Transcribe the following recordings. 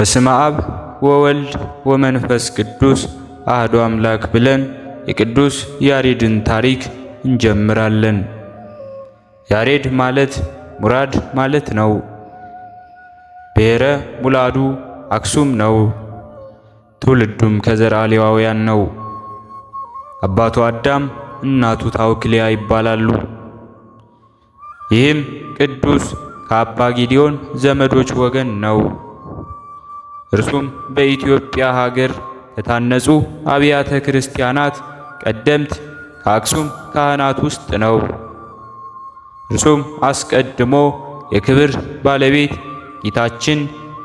በስመ አብ ወወልድ ወመንፈስ ቅዱስ አህዶ አምላክ ብለን የቅዱስ ያሬድን ታሪክ እንጀምራለን። ያሬድ ማለት ሙራድ ማለት ነው። ብሔረ ሙላዱ አክሱም ነው። ትውልዱም ከዘርአ ሌዋውያን ነው። አባቱ አዳም፣ እናቱ ታውክሊያ ይባላሉ። ይህም ቅዱስ ከአባ ጊዲዮን ዘመዶች ወገን ነው። እርሱም በኢትዮጵያ ሀገር ከታነጹ አብያተ ክርስቲያናት ቀደምት ከአክሱም ካህናት ውስጥ ነው። እርሱም አስቀድሞ የክብር ባለቤት ጌታችን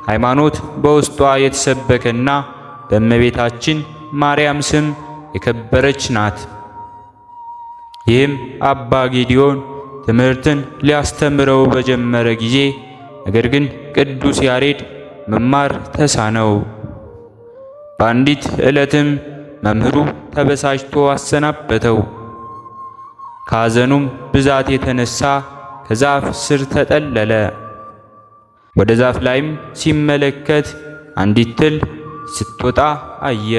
ሃይማኖት በውስጧ የተሰበከና በእመቤታችን ማርያም ስም የከበረች ናት። ይህም አባ ጌዲዮን ትምህርትን ሊያስተምረው በጀመረ ጊዜ ነገር ግን ቅዱስ ያሬድ መማር ተሳነው። በአንዲት ዕለትም መምህሩ ተበሳጭቶ አሰናበተው። ከሐዘኑም ብዛት የተነሳ ከዛፍ ስር ተጠለለ። ወደ ዛፍ ላይም ሲመለከት አንዲት ትል ስትወጣ አየ።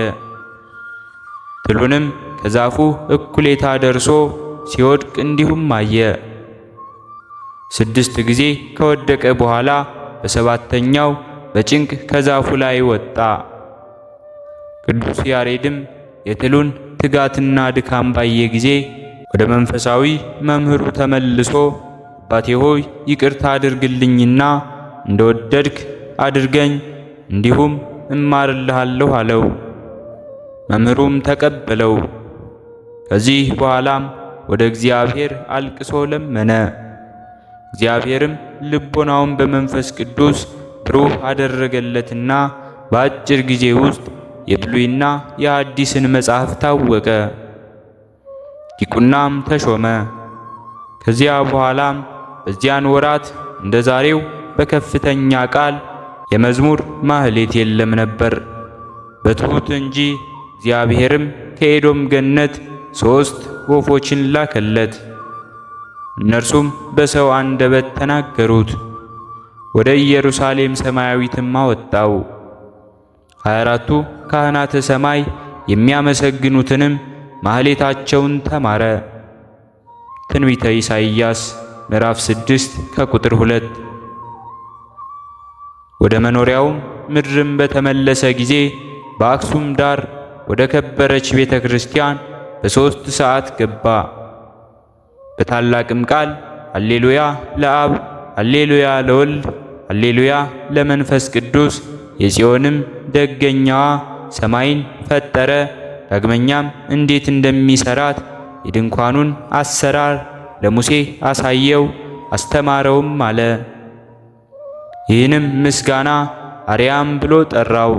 ትሉንም ከዛፉ እኩሌታ ደርሶ ሲወድቅ እንዲሁም አየ። ስድስት ጊዜ ከወደቀ በኋላ በሰባተኛው በጭንቅ ከዛፉ ላይ ወጣ። ቅዱስ ያሬድም የትሉን ትጋትና ድካም ባየ ጊዜ ወደ መንፈሳዊ መምህሩ ተመልሶ አባቴ ሆይ ይቅርታ አድርግልኝና እንደወደድክ አድርገኝ እንዲሁም እማርልሃለሁ አለው። መምህሩም ተቀበለው። ከዚህ በኋላም ወደ እግዚአብሔር አልቅሶ ለመነ። እግዚአብሔርም ልቦናውን በመንፈስ ቅዱስ ጥሩ አደረገለትና በአጭር ጊዜ ውስጥ የብሉይና የአዲስን መጽሐፍ ታወቀ። ዲቁናም ተሾመ። ከዚያ በኋላም በዚያን ወራት እንደ ዛሬው በከፍተኛ ቃል የመዝሙር ማህሌት የለም ነበር፣ በትሑት እንጂ። እግዚአብሔርም ከኤዶም ገነት ሦስት ወፎችን ላከለት፣ እነርሱም በሰው አንደበት ተናገሩት። ወደ ኢየሩሳሌም ሰማያዊትም አወጣው። ሃያ አራቱ ካህናተ ሰማይ የሚያመሰግኑትንም ማህሌታቸውን ተማረ። ትንቢተ ኢሳይያስ ምዕራፍ ስድስት ከቁጥር ሁለት ወደ መኖሪያውም ምድርም በተመለሰ ጊዜ በአክሱም ዳር ወደ ከበረች ቤተ ክርስቲያን በሦስት ሰዓት ገባ። በታላቅም ቃል አሌሉያ ለአብ አሌሉያ ለወልድ አሌሉያ ለመንፈስ ቅዱስ የጽዮንም ደገኛዋ ሰማይን ፈጠረ። ዳግመኛም እንዴት እንደሚሰራት የድንኳኑን አሰራር ለሙሴ አሳየው አስተማረውም አለ። ይህንም ምስጋና አርያም ብሎ ጠራው።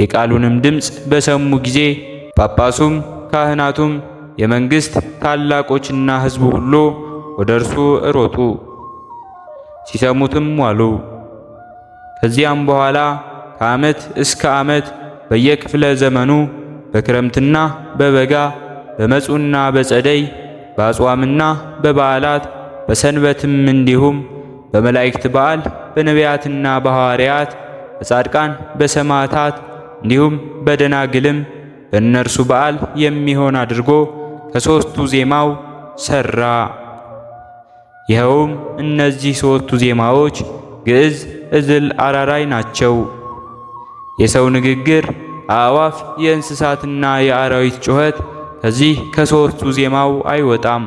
የቃሉንም ድምፅ በሰሙ ጊዜ ጳጳሱም ካህናቱም የመንግሥት ታላቆችና ሕዝቡ ሁሉ ወደ እርሱ ሮጡ። ሲሰሙትም ዋሉ። ከዚያም በኋላ ከዓመት እስከ ዓመት በየክፍለ ዘመኑ በክረምትና በበጋ በመጹና በጸደይ በአጽዋምና በበዓላት በሰንበትም እንዲሁም በመላእክት በዓል በነቢያትና በሐዋርያት በጻድቃን በሰማዕታት እንዲሁም በደናግልም በእነርሱ በዓል የሚሆን አድርጎ ከሦስቱ ዜማው ሠራ። ይኸውም እነዚህ ሦስቱ ዜማዎች ግዕዝ፣ እዝል፣ አራራይ ናቸው። የሰው ንግግር፣ አእዋፍ፣ የእንስሳትና የአራዊት ጩኸት ከዚህ ከሦስቱ ዜማው አይወጣም።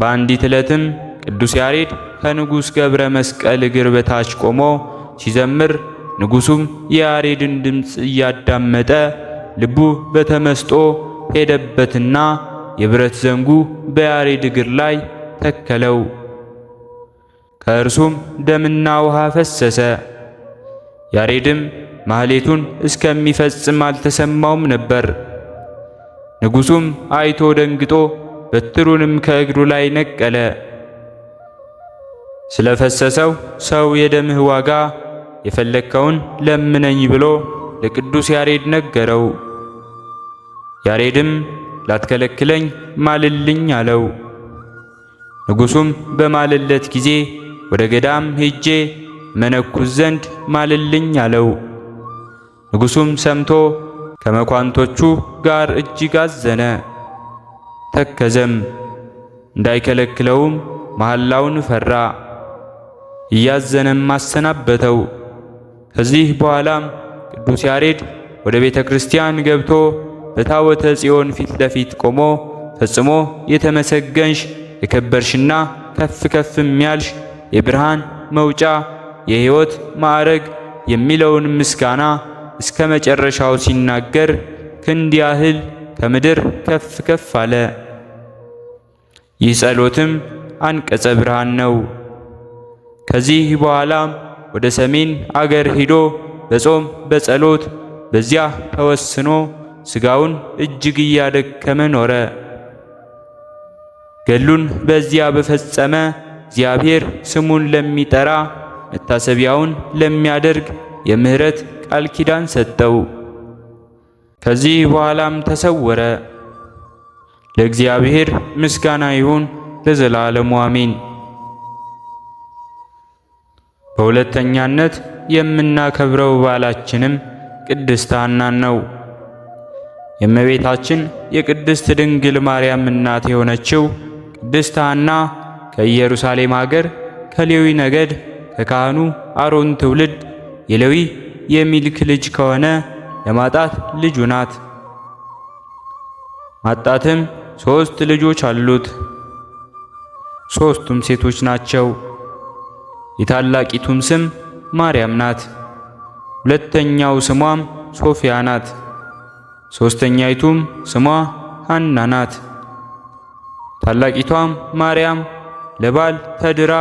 በአንዲት ዕለትም ቅዱስ ያሬድ ከንጉሥ ገብረ መስቀል እግር በታች ቆሞ ሲዘምር ንጉሡም የያሬድን ድምፅ እያዳመጠ ልቡ በተመስጦ ሄደበትና የብረት ዘንጉ በያሬድ እግር ላይ ተከለው። ከእርሱም ደምና ውሃ ፈሰሰ። ያሬድም ማህሌቱን እስከሚፈጽም አልተሰማውም ነበር። ንጉሡም አይቶ ደንግጦ በትሩንም ከእግሩ ላይ ነቀለ። ስለፈሰሰው ሰው የደምህ ዋጋ የፈለግከውን ለምነኝ ብሎ ለቅዱስ ያሬድ ነገረው። ያሬድም ላትከለክለኝ ማልልኝ አለው። ንጉሡም በማለለት ጊዜ ወደ ገዳም ሄጄ መነኩስ ዘንድ ማልልኝ አለው። ንጉሡም ሰምቶ ከመኳንቶቹ ጋር እጅግ አዘነ፣ ተከዘም። እንዳይከለክለውም መሐላውን ፈራ፣ እያዘነም አሰናበተው። ከዚህ በኋላም ቅዱስ ያሬድ ወደ ቤተ ክርስቲያን ገብቶ በታቦተ ጽዮን ፊት ለፊት ቆሞ ፈጽሞ የተመሰገንሽ የከበርሽና ከፍ ከፍ የሚያልሽ የብርሃን መውጫ የሕይወት ማዕረግ የሚለውን ምስጋና እስከ መጨረሻው ሲናገር ክንድ ያህል ከምድር ከፍ ከፍ አለ። ይህ ጸሎትም አንቀጸ ብርሃን ነው። ከዚህ በኋላም ወደ ሰሜን አገር ሂዶ በጾም በጸሎት በዚያ ተወስኖ ሥጋውን እጅግ እያደከመ ኖረ። ገሉን በዚያ በፈጸመ እግዚአብሔር ስሙን ለሚጠራ መታሰቢያውን ለሚያደርግ የምሕረት ቃል ኪዳን ሰጠው። ከዚህ በኋላም ተሰወረ። ለእግዚአብሔር ምስጋና ይሁን ለዘላለሙ አሜን። በሁለተኛነት የምናከብረው በዓላችንም ቅድስት ሐናን ነው። የእመቤታችን የቅድስት ድንግል ማርያም እናት የሆነችው ቅድስት ሐና ከኢየሩሳሌም አገር ከሌዊ ነገድ ከካህኑ አሮን ትውልድ የሌዊ የሚልክ ልጅ ከሆነ ለማጣት ልጁ ናት። ማጣትም ሶስት ልጆች አሉት። ሶስቱም ሴቶች ናቸው። የታላቂቱም ስም ማርያም ናት። ሁለተኛው ስሟም ሶፊያ ናት። ሶስተኛይቱም ስሟ ሐና ናት። ታላቂቷም ማርያም ለባል ተድራ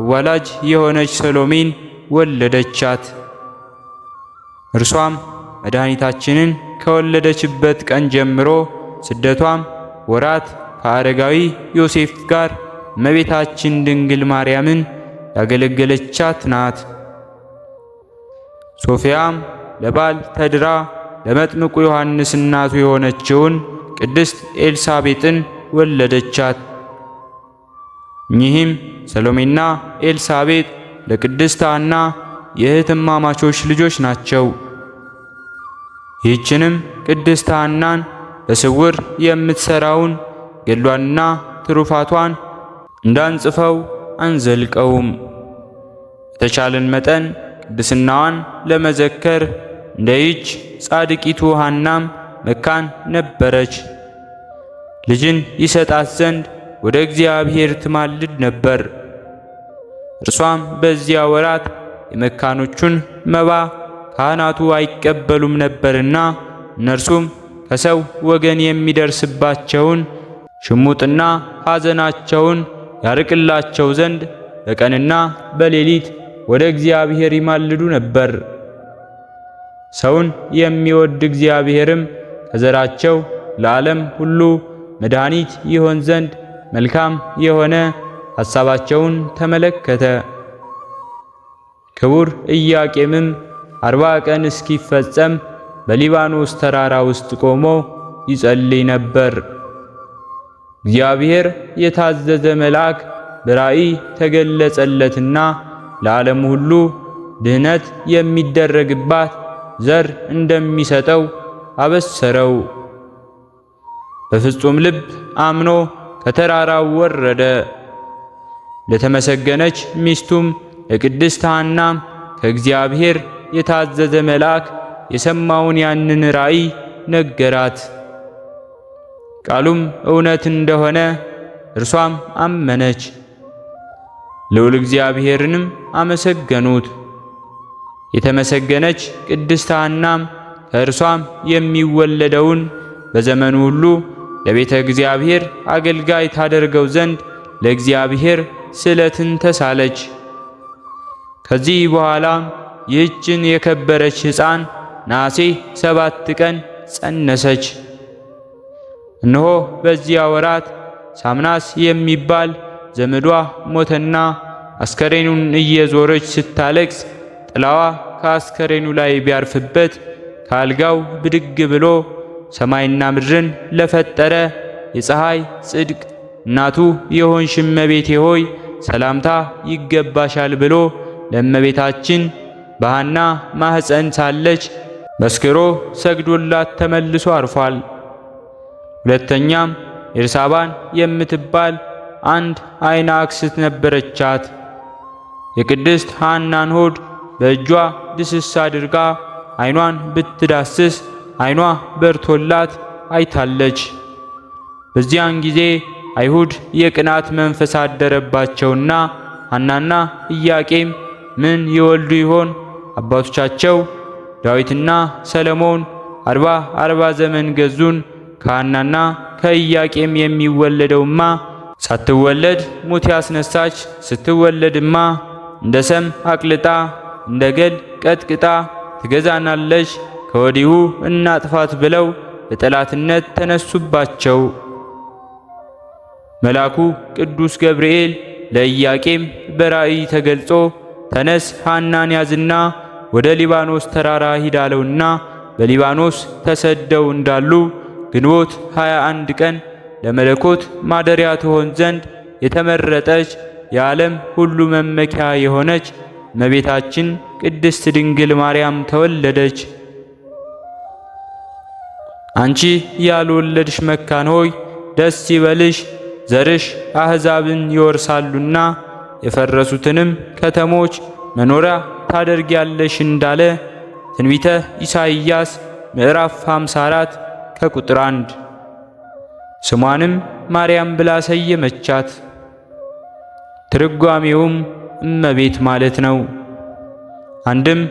አዋላጅ የሆነች ሰሎሜን ወለደቻት። እርሷም መድኃኒታችንን ከወለደችበት ቀን ጀምሮ ስደቷም ወራት ከአረጋዊ ዮሴፍ ጋር እመቤታችን ድንግል ማርያምን ያገለገለቻት ናት። ሶፊያም ለባል ተድራ ለመጥምቁ ዮሐንስ እናቱ የሆነችውን ቅድስት ኤልሳቤጥን ወለደቻት። እኚህም ሰሎሜና ኤልሳቤጥ ለቅድስት ሐና የእህትማማቾች ልጆች ናቸው። ይህችንም ቅድስት ሐናን በስውር የምትሰራውን ገድሏንና ትሩፋቷን እንዳንጽፈው አንዘልቀውም። የተቻለን መጠን ቅድስናዋን ለመዘከር እንደይች ጻድቂቱ ሐናም መካን ነበረች። ልጅን ይሰጣት ዘንድ ወደ እግዚአብሔር ትማልድ ነበር። እርሷም በዚያ ወራት የመካኖቹን መባ ካህናቱ አይቀበሉም ነበርና እነርሱም ከሰው ወገን የሚደርስባቸውን ሽሙጥና ሐዘናቸውን ያርቅላቸው ዘንድ በቀንና በሌሊት ወደ እግዚአብሔር ይማልዱ ነበር። ሰውን የሚወድ እግዚአብሔርም ከዘራቸው ለዓለም ሁሉ መድኃኒት ይሆን ዘንድ መልካም የሆነ ሐሳባቸውን ተመለከተ። ክቡር ኢያቄምም አርባ ቀን እስኪፈጸም በሊባኖስ ተራራ ውስጥ ቆሞ ይጸልይ ነበር። እግዚአብሔር የታዘዘ መልአክ በራእይ ተገለጸለትና ለዓለም ሁሉ ድህነት የሚደረግባት ዘር እንደሚሰጠው አበሰረው። በፍጹም ልብ አምኖ ከተራራው ወረደ። ለተመሰገነች ሚስቱም ለቅድስት ከእግዚአብሔር የታዘዘ መልአክ የሰማውን ያንን ራእይ ነገራት። ቃሉም እውነት እንደሆነ እርሷም አመነች። ልዑል እግዚአብሔርንም አመሰገኑት። የተመሰገነች ቅድስት ሐናም ከእርሷም የሚወለደውን በዘመኑ ሁሉ የቤተ እግዚአብሔር አገልጋይ ታደርገው ዘንድ ለእግዚአብሔር ስዕለትን ተሳለች። ከዚህ በኋላም ይህችን የከበረች ሕፃን ናሴ ሰባት ቀን ጸነሰች። እነሆ በዚያ ወራት ሳምናስ የሚባል ዘመዷ ሞተና አስከሬኑን እየዞረች ስታለቅስ ጥላዋ ከአስከሬኑ ላይ ቢያርፍበት ካልጋው ብድግ ብሎ ሰማይና ምድርን ለፈጠረ የፀሐይ ጽድቅ እናቱ የሆንሽ እመቤቴ ሆይ ሰላምታ ይገባሻል ብሎ ለእመቤታችን በሐና ማኅፀን ሳለች መስክሮ ሰግዶላት ተመልሶ አርፏል። ሁለተኛም ኤርሳባን የምትባል አንድ አይነ አክስት ነበረቻት። የቅድስት ሐናን ሆድ በእጇ ድስስ አድርጋ አይኗን ብትዳስስ ዓይኗ በርቶላት አይታለች። በዚያን ጊዜ አይሁድ የቅናት መንፈስ አደረባቸውና ሐናና ኢያቄም ምን ይወልዱ ይሆን? አባቶቻቸው ዳዊትና ሰለሞን አርባ አርባ ዘመን ገዙን። ከሐናና ከኢያቄም የሚወለደውማ ሳትወለድ ሙት ያስነሳች፣ ስትወለድማ እንደ ሰም አቅልጣ እንደ ገል ቀጥቅጣ ትገዛናለች ከወዲሁ እናጥፋት ብለው በጠላትነት ተነሱባቸው። መልአኩ ቅዱስ ገብርኤል ለኢያቄም በራእይ ተገልጾ ተነስ ሐናን ያዝና ወደ ሊባኖስ ተራራ ሂዳለውና በሊባኖስ ተሰደው እንዳሉ ግንቦት 21 ቀን ለመለኮት ማደሪያ ትሆን ዘንድ የተመረጠች የዓለም ሁሉ መመኪያ የሆነች እመቤታችን ቅድስት ድንግል ማርያም ተወለደች። አንቺ ያልወለድሽ መካን ሆይ ደስ ይበልሽ፣ ዘርሽ አሕዛብን ይወርሳሉና የፈረሱትንም ከተሞች መኖሪያ ታደርጊያለሽ እንዳለ ትንቢተ ኢሳይያስ ምዕራፍ 54 ከቁጥር 1። ስሟንም ማርያም ብላ ሰየመቻት። ትርጓሜውም እመቤት ማለት ነው። አንድም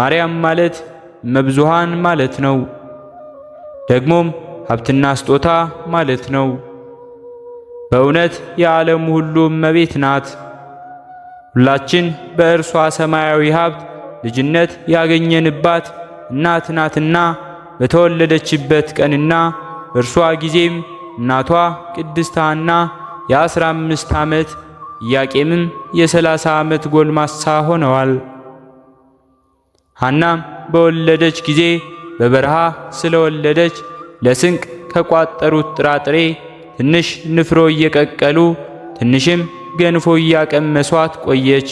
ማርያም ማለት እመብዙሃን ማለት ነው። ደግሞም ሀብትና ስጦታ ማለት ነው። በእውነት የዓለም ሁሉ እመቤት ናት። ሁላችን በእርሷ ሰማያዊ ሀብት ልጅነት ያገኘንባት እናት ናትና በተወለደችበት ቀንና በእርሷ ጊዜም እናቷ ቅድስት ሐና የአስራ አምስት ዓመት ኢያቄምም የሰላሳ ዓመት ጎልማሳ ሆነዋል። ሐናም በወለደች ጊዜ በበረሃ ስለወለደች ለስንቅ ከቋጠሩት ጥራጥሬ ትንሽ ንፍሮ እየቀቀሉ ትንሽም ገንፎ እያቀመሷት ቆየች።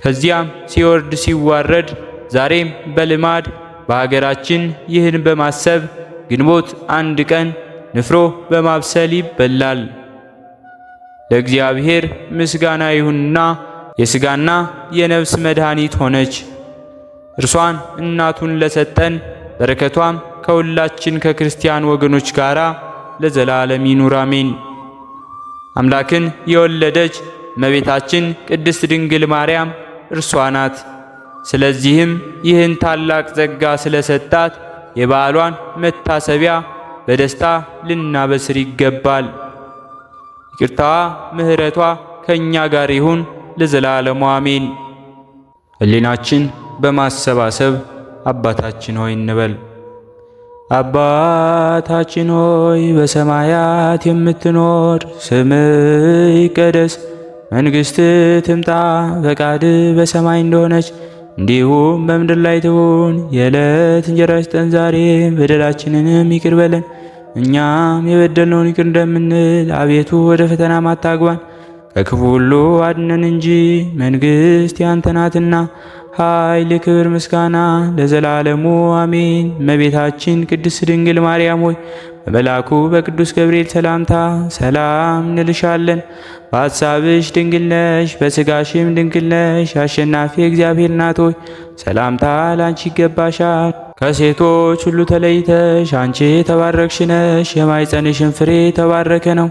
ከዚያም ሲወርድ ሲዋረድ ዛሬም በልማድ በሀገራችን ይህን በማሰብ ግንቦት አንድ ቀን ንፍሮ በማብሰል ይበላል። ለእግዚአብሔር ምስጋና ይሁንና የሥጋና የነፍስ መድኃኒት ሆነች። እርሷን እናቱን ለሰጠን በረከቷም ከሁላችን ከክርስቲያን ወገኖች ጋር ለዘላለም ይኑር አሜን። አምላክን የወለደች እመቤታችን ቅድስት ድንግል ማርያም እርሷ ናት። ስለዚህም ይህን ታላቅ ጸጋ ስለሰጣት የበዓሏን መታሰቢያ በደስታ ልናበስር ይገባል። ይቅርታዋ ምሕረቷ ከእኛ ጋር ይሁን ለዘላለሙ አሜን። ሕሊናችን በማሰባሰብ አባታችን ሆይ እንበል። አባታችን ሆይ በሰማያት የምትኖር፣ ስምህ ይቀደስ፣ መንግሥትህ ትምጣ፣ ፈቃድህ በሰማይ እንደሆነች እንዲሁም በምድር ላይ ትሁን። የዕለት እንጀራችንን ስጠን ዛሬ፣ በደላችንንም ይቅር በለን እኛም የበደልነውን ይቅር እንደምንል፣ አቤቱ ወደ ፈተና ማታግባን ከክፉ ሁሉ አድነን እንጂ መንግስት ያንተ ናትና ኃይል፣ ክብር፣ ምስጋና ለዘላለሙ አሜን። እመቤታችን ቅድስት ድንግል ማርያም ሆይ በመልአኩ በቅዱስ ገብርኤል ሰላምታ ሰላም እንልሻለን። በሐሳብሽ ድንግል ነሽ፣ በስጋሽም ድንግል ነሽ። አሸናፊ እግዚአብሔር ናት ሆይ ሰላምታ ላንቺ ይገባሻል። ከሴቶች ሁሉ ተለይተሽ አንቺ የተባረክሽ ነሽ፣ የማኅፀንሽን ፍሬ የተባረከ ነው።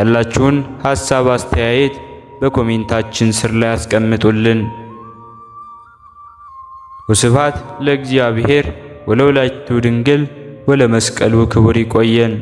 ያላችሁን ሀሳብ አስተያየት በኮሜንታችን ስር ላይ አስቀምጡልን። ወስብሐት ለእግዚአብሔር ወለወላዲቱ ድንግል ወለመስቀሉ ክቡር። ይቆየን።